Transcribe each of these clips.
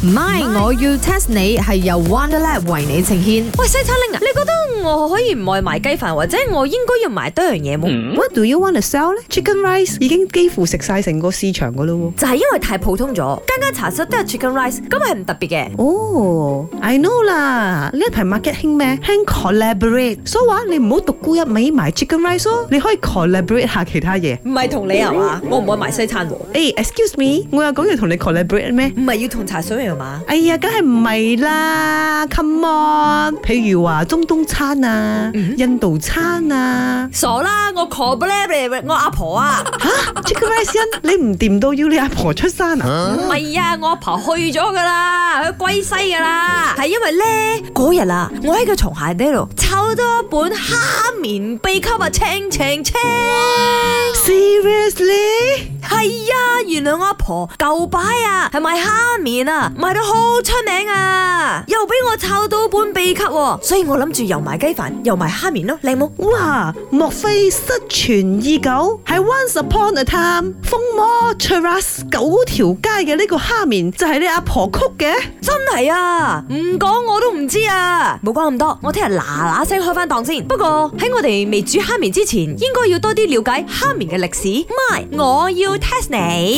MY，我要 test 你係由 Wonderland 為你呈現。喂西餐咧，你覺得我可以唔愛賣雞飯，或者我應該要賣多樣嘢冇？What do you want to sell 咧？Chicken rice 已經幾乎食晒成個市場噶啦，就係因為太普通咗，間間茶室都係 chicken rice，咁係唔特別嘅。哦，I know 啦，呢一排 market 興咩？興 collaborate，所以話你唔好獨沽一味賣 chicken rice 咯，你可以 collaborate 下其他嘢。唔係同你啊嘛，我唔愛賣西餐咯。誒，excuse me，我又講要同你 collaborate 咩？唔係要同茶水人。哎呀，梗係唔係啦？Come on，譬如話中東餐啊，印度餐啊，傻啦！我 corble 嚟，我阿婆啊嚇你唔掂到要你阿婆，婆出山啊？唔係啊，啊，我阿婆去咗㗎啦，去歸西㗎啦。係 因為咧嗰日啊，我喺個床下底度抄到一本蝦棉秘笈啊，清清清，清。Wow. Seriously，係啊。原來我阿婆舊擺啊，係賣蝦麵啊，賣到好出名啊，又俾我炒到本秘笈，所以我諗住又埋雞飯，又埋蝦麵咯，靚冇？哇，莫非失傳已久？喺 Once Upon a Time，瘋魔 Cheras 九條街嘅呢個蝦麵就係、是、你阿婆曲嘅？真係啊，唔講我都唔知啊！冇講咁多，我聽日嗱嗱聲開翻檔先。不過喺我哋未煮蝦麵之前，應該要多啲了解蝦麵嘅歷史。MY，我要 test 你。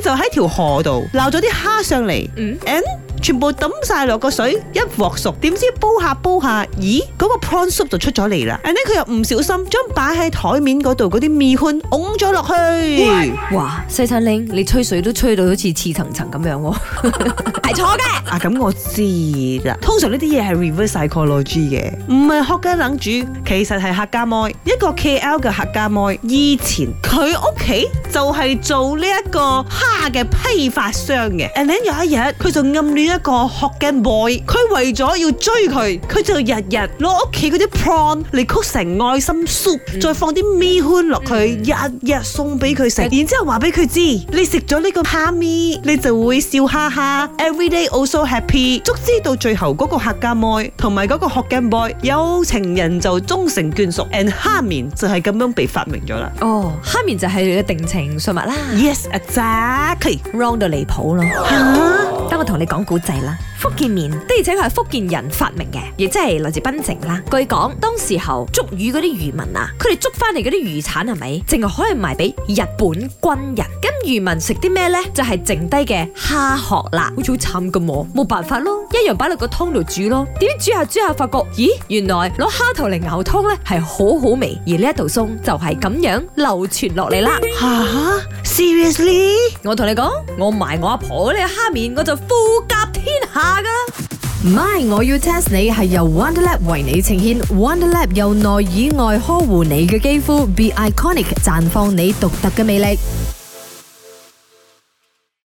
就喺條河度撈咗啲蝦上嚟。嗯。全部抌曬落個水，一鑊熟，點知煲下煲下，咦？嗰個 prawn soup 就出咗嚟啦！And then 佢又唔小心將擺喺台面嗰度嗰啲味醂㧬咗落去。哇！西餐鈴，你吹水都吹到好似似層層咁樣喎。係錯嘅。啊，咁我知啦。通常呢啲嘢係 reverse psychology 嘅，唔係客家冷煮，其實係客家妹一個 KL 嘅客家妹。以前佢屋企就係做呢一個蝦嘅批發商嘅。And then 有一日佢就暗戀。一個 Hokkien boy，佢為咗要追佢，佢就日日攞屋企嗰啲 prawn 嚟 cook 成愛心 soup，、嗯、再放啲咪 e 落去，日日、嗯、送俾佢食。嗯、然之後話俾佢知，你食咗呢個蝦咪，你就會笑哈哈。Every day also happy，直至到最後嗰個客家妹同埋嗰個 Hokkien boy 有情人就終成眷屬。嗯、and 蝦麵就係咁樣被發明咗啦。哦，蝦麵就係你嘅定情信物啦。Yes，exactly、啊。Wrong 到離譜咯。等我同你講古仔啦，福建麵，的而且係福建人發明嘅，亦即係來自檳城啦。據講，當時候捉魚嗰啲漁民啊，佢哋捉翻嚟嗰啲漁產係咪，淨係可以賣俾日本軍人？咁漁民食啲咩咧？就係、是、剩低嘅蝦殼啦，好似好慘噶，冇辦法咯，一樣擺落個湯度煮咯。點知煮下煮下，發覺，咦，原來攞蝦頭嚟熬湯咧，係好好味。而呢一道 𩠌 就係咁樣流傳落嚟啦。哈、嗯。嗯嗯啊。Seriously，我同你講，我埋我阿婆呢蝦麵，我就富甲天下噶。m y 我要 test 你係由 Wonderlab 為你呈現。Wonderlab 由內以外呵護你嘅肌膚，Be Iconic 綻放你獨特嘅魅力。